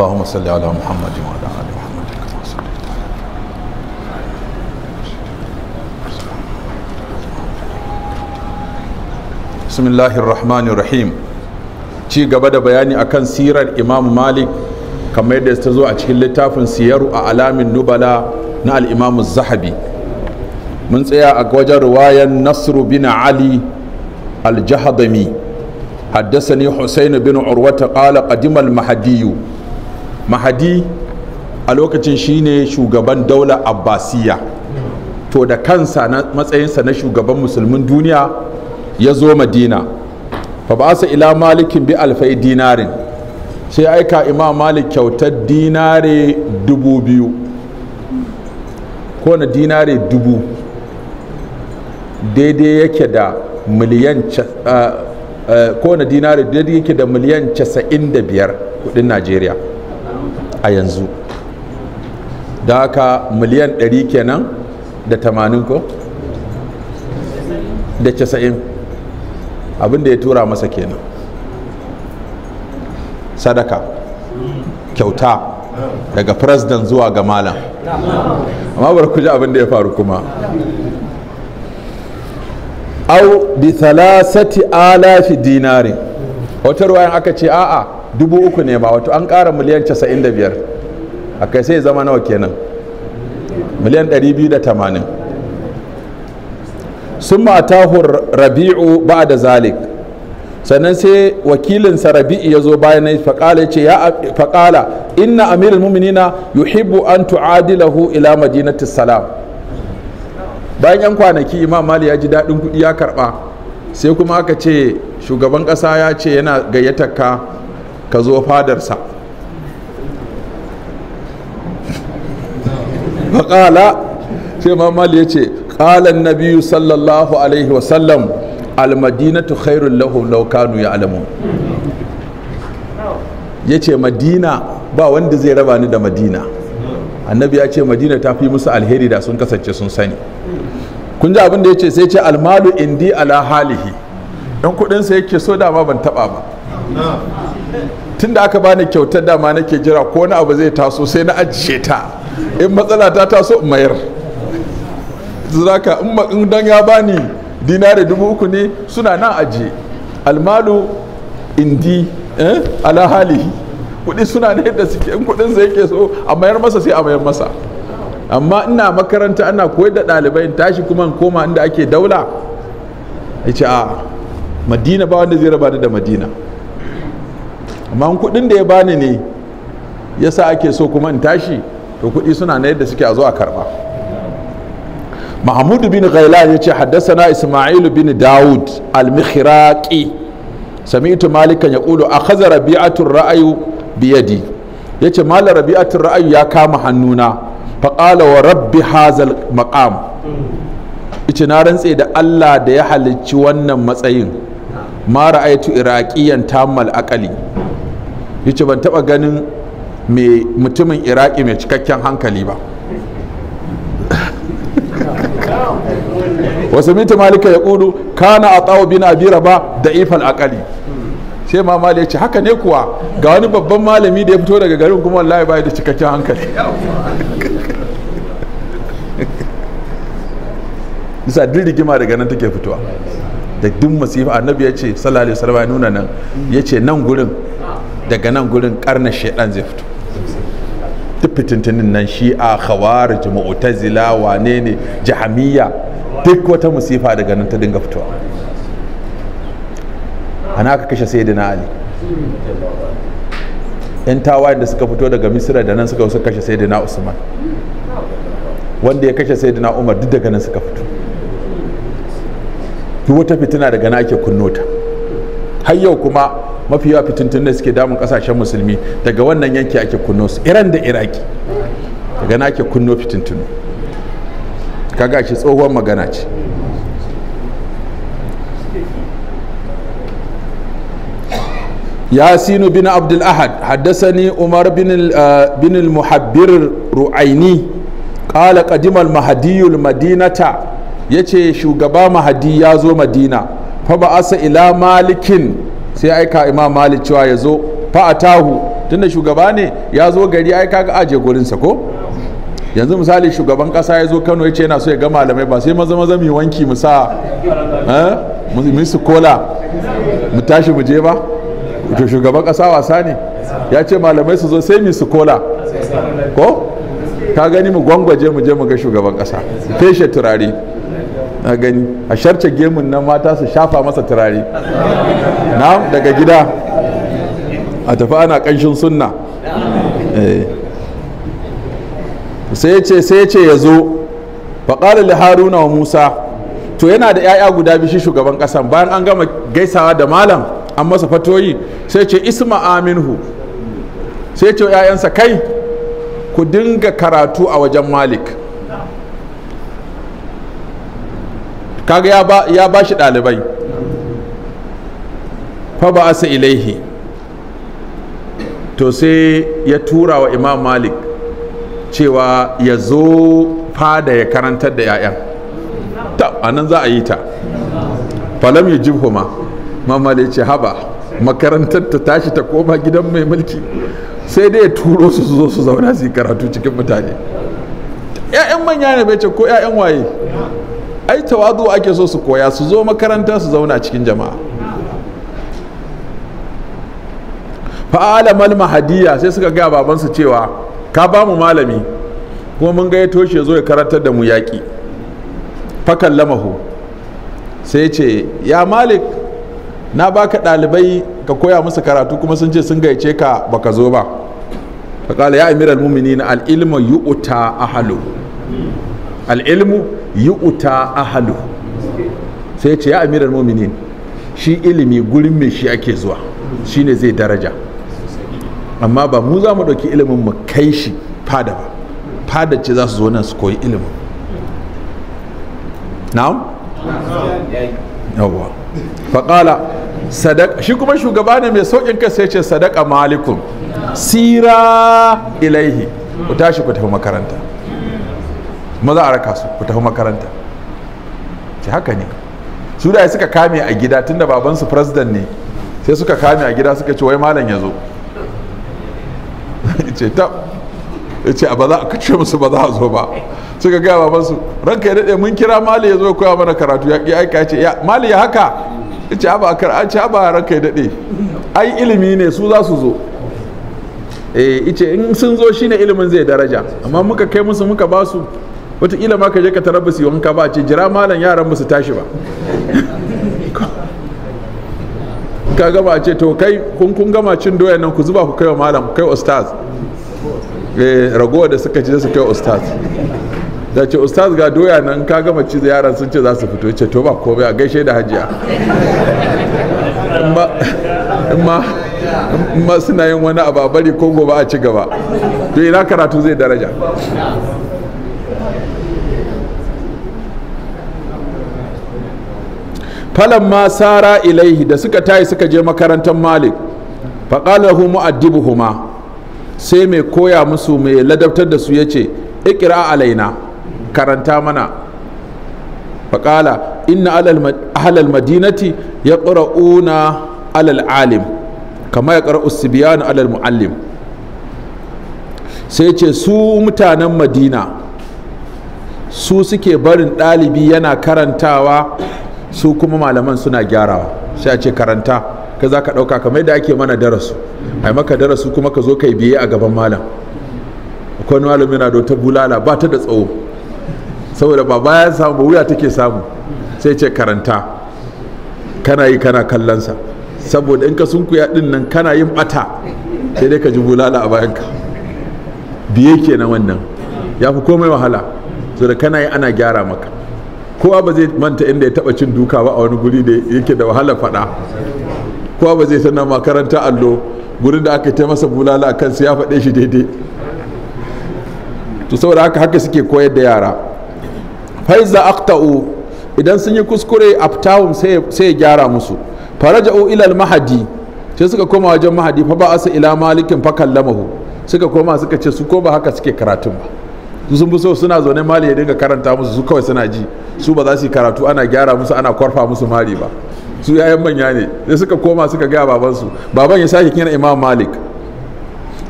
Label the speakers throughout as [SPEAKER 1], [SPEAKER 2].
[SPEAKER 1] اللهم صل على محمد وعلى آل محمد كما صليت على بسم الله الرحمن الرحيم ci gaba da bayani akan sirar imam malik kamar yadda ta zo a cikin littafin siyaru a alamin nubala na al'imamu zahabi mun tsaya a wajen ruwayan nasru bin ali al-jahadami haddasa ne husainu bin urwata ƙala ƙadimal mahadiyu mahadi a lokacin shine shugaban daular abbasiya to da kansa na matsayinsa na shugaban musulmin duniya ya zo madina fa ba sa ila malikin bi alfai dinarin sai aika imam malik kyautar dinare dubu biyu ko na dinare dubu daidai yake da miliyan ko na dinare daidai yake da miliyan 95 kudin najeriya a yanzu da haka miliyan 100 kenan da 80 ko da 90 abinda ya tura masa kenan sadaka kyauta daga president zuwa ga malam amma bar ku ji abin ya faru kuma au bi thalathati alafi dinari wata ruwayan aka ce a'a dubu uku ne ma wato an ƙara miliyan 95 a kai sai zama nawa kenan miliyan 280 sun Tahur rabi'u ba da zalik sannan sai wakilinsa rabi'i ya zo bayan na faƙala ce ya faƙala inna amirul muminina yuhibbu an tu'adilahu ila madinati salam bayan yan kwanaki imam mali ya ji daɗin kuɗi ya karɓa sai kuma aka ce shugaban ƙasa ya ce yana gayyatar ka ka zo fadarsa faƙala sai mamali ya ce ƙalan nabiyu sallallahu alaihi wasallam almadinatu khairun lahum law kanu ya'lamun ya ce madina ba wanda zai raba ni da madina annabi ya ce madina ta fi musu alheri da sun kasance sun sani kun ji abin da ya ce sai ce almalu indi ala halihi yan kudinsa yake so da ma ban taba ba tun da aka bani kyautar dama nake jira ko wani abu zai taso sai na ajiye ta in matsala ta taso in mayar zuraka in dan ya bani dinari dubu uku ne suna nan ajiye almalu indi eh ala kuɗi suna ne da suke in kudin sai yake so a mayar masa sai a mayar masa amma ina makaranta ana koyar da ɗalibai tashi kuma in koma inda ake daula ya ce a madina ba wanda zai raba da madina amma kuɗin da ya bani ne ya sa ake so kuma in tashi to kuɗi suna na yadda suke a zo a karɓa mahmud bin ghailan ya ce haddasana isma'il bin dawud al-mikhraqi sami'tu malikan kulu akhadha rabi'atu ra'ayu biyadi yace malar rabi'atu ra'ayu ya kama hannuna faqala wa rabbi hazal maqam ice na rantse da Allah da ya halicci wannan matsayin ma ra'aytu iraqiyan tammal aqali yace ban taba ganin mutumin iraki mai cikakken hankali ba wasu mita malika ya kudu kana a tsawo bin abira ba da ifal akali sai ma ya ce haka ne kuwa ga wani babban malami da ya fito daga garin kuma wallahi bai da cikakken hankali nisa duk rigima daga nan take fitowa da duk masifa annabi ya ce sallallahu alaihi wasallam nuna nan ya ce nan gurin daga nan gurin karnar shaidan zai fito duk fitintunin nan shi'a khawarij mu'tazila wane ne jahamiya duk wata musifa daga nan ta dinga fitowa ana aka kashe na ali yan tawayen da suka fito daga misira da nan suka wasu kashe na usman wanda ya kashe na umar duk daga nan suka fito duk wata fitina daga nan ake kunnota ta har yau kuma mafi yawa fitintun da suke damun kasashen musulmi daga wannan yanki ake kunno su iran da iraki daga na ake kunno fitintun shi tsohon magana ce yasinu bin abdul ahad ni umar bin ah, muhabbir ru'aini kala kadimar mahdiyul madinata yace shugaba mahadi ya zo madina fa sa ila malikin sai aika imam malik cewa ya zo fa'atahu tunda shugaba ne ya zo gari aika ga aje gurinsa ko yanzu misali shugaban kasa ya zo kano ya ce yana so ya ga malamai ba sai maza maza mu wanki mu sa eh, mu su kola mu tashi mu je ba to shugaban kasa wasa ne ya ce malamai su zo sai mu su kola ko ka gani mu gwangwaje mu je mu ga shugaban kasa feshe turare na gani a sharce gemun nan mata su shafa masa turare na daga gida a tafi ana kanshin sunna eh. sai ce sai ce ya zo faƙalar da haruna wa musa to yana da 'ya'ya guda bishi shugaban ƙasan bayan an gama gaisawa da malam an masa fatoyi sai ce isma aminhu sai ce 'ya'yansa kai ku dinga karatu a wajen malik kaga ya ba ya ɗalibai. dalibai fa ba asa ilaihi to sai ya tura wa imam malik cewa ya zo fada ya karantar da 'ya'yan ta anan za a yi ta falam ya mamma da mamale ce haba makarantar ta tashi ta koma gidan mai mulki sai dai ya turo su zo su zauna su yi karatu cikin mutane 'ya'yan manya ne bai ce ko 'ya'yan waye ai tawadu ake so su koya su zo makaranta su zauna cikin jama'a fa'alamal mahadiya sai suka gaya babansu cewa ka ba mu malami kuma mun gaya toshe ya zo ya karantar da mu yaƙi fakan lamahu sai ce ya malik na baka ɗalibai ka koya musu karatu kuma sun ce sun gaice ka baka zo ba faƙala ya amiral mumini na al'ilmu ahlu al al'ilmu yi uta ahalu sai ce ya amiral mominin shi ilimi gurin mai shi ake zuwa Shi ne zai daraja amma ba mu za mu ɗauki ilimin mu kai shi fada ba fada ce za su zo nan su koyi ilimin na'am yawwa faƙala sadaka shi kuma shugaba ne mai sauƙin kai sai ce sadaka malikun sira ilaihi ku tashi ku tafi makaranta kuma za a raka su ku tafi makaranta ce haka ne su da suka kame a gida tunda babansu president ne sai suka kame a gida suka ce wai malam ya zo ce ta ce a ba za a musu ba za a zo ba suka gaya babansu ranka ya daɗe mun kira mali ya zo ya koya mana karatu ya ƙi aika ce ya mali ya haka ce a ba a ce a ba ranka ya daɗe ai ilimi ne su za su zo eh ice in sun zo shine ilimin zai daraja amma muka kai musu muka ba su wataƙila ma ka je ka tarar basu wanka ba ce jira malam yaran ba su tashi ba ka gama ce to kai kun kun gama cin doya nan ku zuba ku kai wa malam kai ustaz eh, ragowa da suka ci su kai ustaz da ce ustaz ga doya nan ka gama ci yaran sun ce za su fito ce to ba komai a gaishe da hajiya in ma suna yin wani abu bari ko gobe a ci gaba to ina karatu zai daraja falamma sara ilaihi da suka tayi suka je makarantar malik faƙalahu mu'addibuhuma sai mai koya musu mai ladabtar da su ya ce ikira alaina karanta mana faƙala inna halal madinati ya ƙura'una alal alim kama ya ƙara'u sibiyanu alal mu'allim sai ce su mutanen madina su suke barin ɗalibi yana karantawa su kuma malaman suna gyarawa sai a ce karanta ka za ka ɗauka kamar da ake mana darasu a maka darasu kuma ka zo kai biye a gaban malam akwai malam yana da ta bulala ba ta da tsawo saboda ba bayan samu ba wuya take samu sai ce karanta kana yi kana kallonsa saboda in ka sunkuya din nan kana yin bata sai dai ka ji bulala a bayanka biye kenan wannan ya fi komai wahala saboda kana yi ana gyara maka kowa ba zai manta inda ya taba cin duka ba a wani guri da yake da wahala faɗa kowa ba zai tana makaranta allo gurin da aka ta masa bulala a kansu ya faɗe shi daidai to saboda haka haka suke koyar da yara faiza akta'u idan sun yi kuskure aftahum sai ya gyara musu faraja'u ilal mahadi sai suka koma wajen mahadi fa ba asa ila malikin fa kallamahu suka koma suka ce su ko ba haka suke karatun ba su sun fi so suna zaune mali ya dinga karanta musu su kawai suna ji su ba za su yi karatu ana gyara musu ana kwarfa musu mali ba su yayan manya ne sai suka koma suka gaya babansu baban ya sake kira imam malik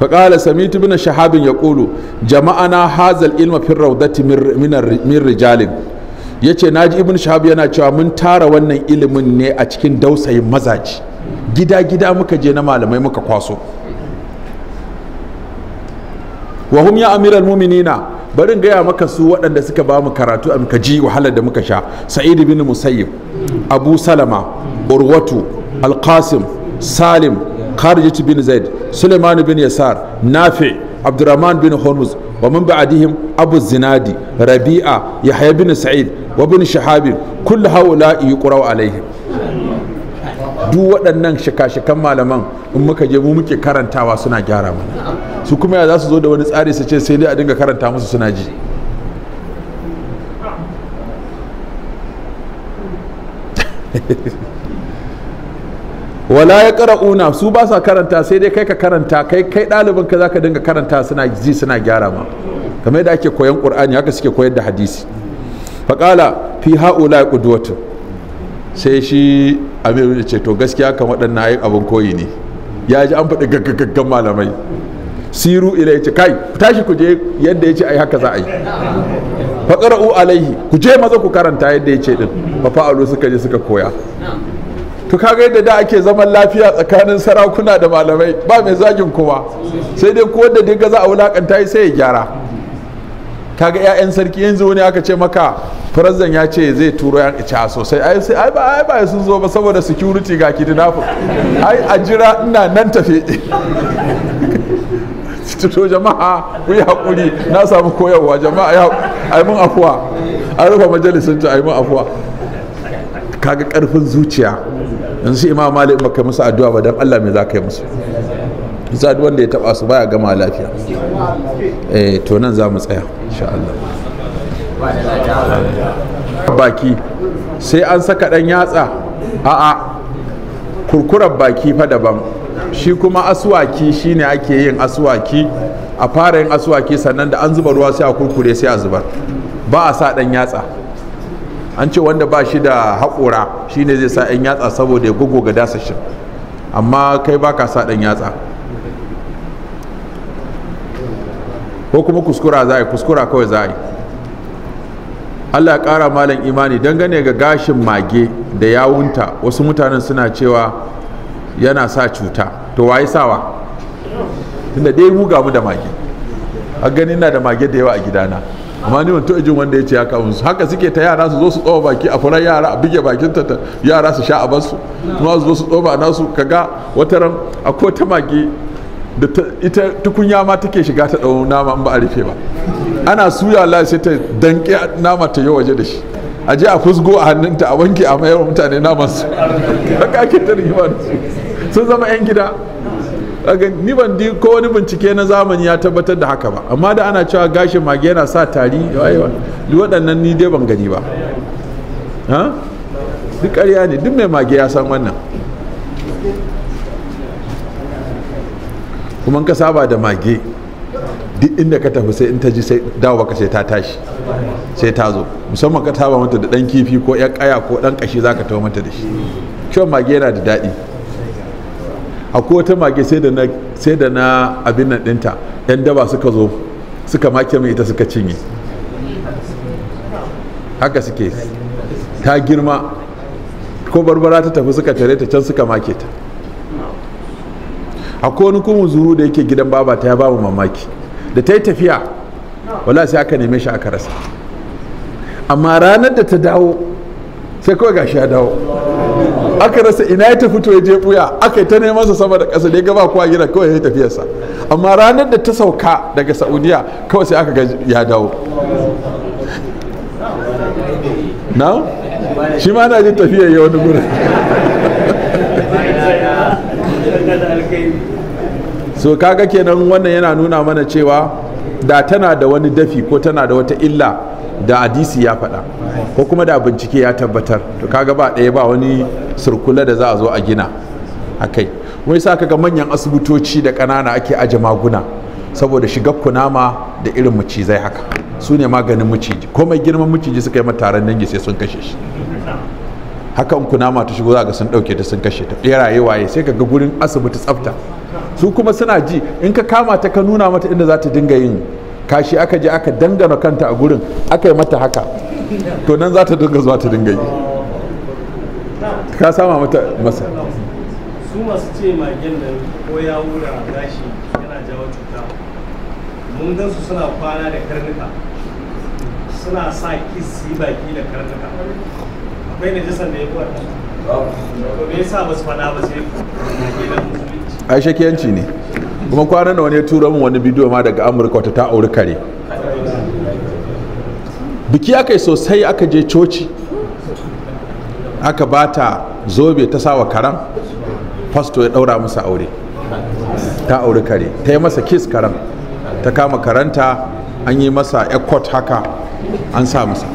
[SPEAKER 1] فقال سميت بن شهاب يقول جمعنا هذا العلم في الروضة من من رجال yace naji ibn shahab yana cewa mun tara wannan ilimin ne a cikin dausayin mazaji gida gida muka je na malamai muka kwaso wa hum ya amiral mu'minina bari gaya maka su waɗanda suka ba mu karatu a kaji wahalar da muka sha sa'id bin musayyib abu salama urwatu alqasim salim kharijat bin zaid suleiman bin yasar nafi abdurrahman bin hormuz wa min ba'dihim abu zinadi rabi'a yahya bin sa'id wa bin shahabi kullu haula'i yuqra'u alaihim duk waɗannan shika-shikan malaman in muka je mu muke karantawa suna gyara mana su kuma ya za su zo da wani tsari su ce sai dai a dinga karanta musu suna ji wala ya ƙara'una su ba sa karanta sai dai kai ka karanta kai kai ɗaliban ka za ka dinga karanta suna ji suna gyara ma kamar yadda ake koyan ƙur'ani haka suke koyar da hadisi faƙala fi ha'ula ya ƙuduwatun sai shi amiru da ce to gaskiya kan waɗannan ayi abin koyi ne ya ji an faɗi gaggaggan malamai siru ila ya ce kai tashi ku je yadda ya ce ai haka za a yi U alaihi ku je maza ku karanta yadda ya ce din fafa'alu suka je suka koya to kaga yadda da ake zaman lafiya tsakanin sarakuna da malamai ba mai zagin kowa sai dai ko da dinga za a wulakanta sai ya gyara kaga 'ya'yan sarki yanzu wani aka ce maka firazan ya ce zai turo yan ica sosai ai sai ai ba ai ba sun zo ba saboda security ga kidnapping ai a jira ina nan tafe to jama'a ku yi hakuri na samu koyarwa jama'a ai mun afuwa an rufe majalisin ta ai mun afuwa kaga karfin zuciya yanzu imam malik baka musu addu'a ba dan Allah me zaka yi musu wanda ya taba su baya gama lafiya eh to nan za mu tsaya insha Allah baki sai an saka dan yatsa a'a kurkurar baki fa daban shi kuma aswaki shine ake yin aswaki a fara yin aswaki sannan da an zuba ruwa sai a kurkure sai a zubar ba a sa dan yatsa an ce wanda ba shi da haƙura shine zai sa 'yan yatsa saboda ya gugu ga dasashin amma kai ba ka sa dan yatsa ko kuma kuskura za a yi kuskura kawai za a yi allah ya kara malam imani dangane ga gashin mage da yawunta wasu mutanen suna cewa yana sa cuta to waye sawa tunda dai mu gamu da mage a gani na da mage da yawa a gidana amma ni wanto ajin wanda ya ce haka musu haka suke ta yara su zo su tsoba baki a furan yara a bige bakin ta yara su sha a basu kuma su zo su tsoba nasu kaga wataran akwai ta mage da ita tukunya ma take shiga ta ɗau nama in ba a rufe ba ana suya Allah sai ta danke nama ta yi waje da shi a je a kusgo a hannunta a wanke a mayar mutane naman su haka ake ta rigima da sun zama yan gida ni ban di ko wani bincike na zamani ya tabbatar da haka ba amma da ana cewa gashin mage yana sa tari duk waɗannan ni dai ban gani ba duk ƙarya ne duk mai mage ya san wannan kuma ka saba da mage duk inda ka tafi sai in ta ji sai dawo ka sai ta tashi sai ta zo musamman ka saba mata da dan kifi ko ya kaya ko dan kashi zaka tawo mata da shi kiwon mage yana da daɗi akwai wata mage sai da na sai da na abin nan ɗinta yan daba suka zo suka make mai ita suka cinye haka suke ta girma ko barbara ta tafi suka tare ta can suka make ta akwai wani kuma zuru da yake gidan baba ta ya ba mu mamaki da ta yi tafiya wala sai aka neme shi aka rasa amma ranar da ta dawo sai kawai gashi ya dawo aka rasa ina ya tafi to ya je buya aka yi ta neman sa sama da ƙasa da ya gaba kowa gida kawai ya yi tafiyarsa amma ranar da ta sauka daga saudiya kawai sai aka ga ya dawo na shi ma na jin tafiya ya wani gurin so kaga kenan wannan yana nuna mana cewa da tana da wani dafi ko tana da wata illa da hadisi ya faɗa ko kuma da bincike ya tabbatar to kaga ba ɗaya ba wani surkula da za a zo a gina a kai wai sa kaga manyan asibitoci da ƙanana ake aje maguna saboda shiga kunama da irin macizai haka su ne maganin maciji komai girman maciji suka yi mataran dangi sai sun kashe shi hakan kunama ta shigo za ga sun dauke ta sun kashe ta beraye waye sai ka ga gurin asibiti tsafta su kuma suna ji in ka kama ta ka nuna mata inda za ta dinga yin kashi aka je aka dangana kanta a gurin aka yi mata haka to nan za ta dinga zuwa ta dinga yi ka sama mata masa su masu ce magen nan ko ya wura gashi yana jawo cuta mun gan su suna kwana da karnuka suna sa kis yi baki da karnuka Aisha najisan ne kuma kwanan da wani ya tura min wani bidiyo ma daga amurka wata ta auri kare biki aka yi sosai aka je coci aka bata zobe ta sawa karan fasto ya daura masa aure ta auri kare ta yi masa kiss karen ta kama karanta an yi masa ekot haka an sa masa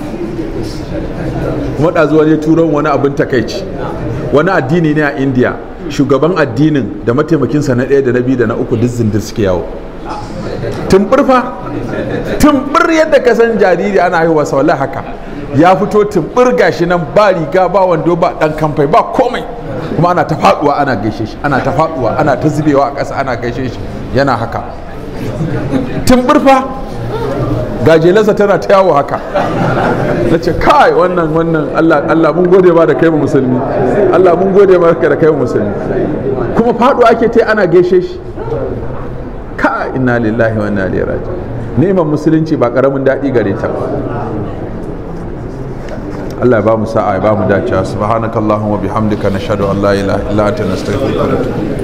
[SPEAKER 1] wada zuwa wani turon wani abin takaici wani addini ne a indiya shugaban addinin da mataimakinsa na ɗaya da na biyu da na uku duk zindir suke yawo tumbur fa yadda ka san jariri ana haihuwa sau haka ya fito tumbur gashi nan ba riga ba wando ba dan kamfai ba komai kuma ana ta faduwa ana gaishe shi ana ta faduwa ana ta zubewa a ƙasa ana gaishe shi yana haka tumbur fa gajelarsa tana ta yawo haka na ce kai wannan wannan allah mun gode ba da kai musulmi allah mun gode ba da kai musulmi kuma faɗo ake ta ana gaishe shi ka inna lillahi wa inna ilaihi raji neman musulunci ba karamin daɗi gare ta Allah ya ba mu sa'a ya ba mu dacewa subhanakallahumma bihamdika nashhadu an la ilaha illa anta nastaghfiruka wa natubu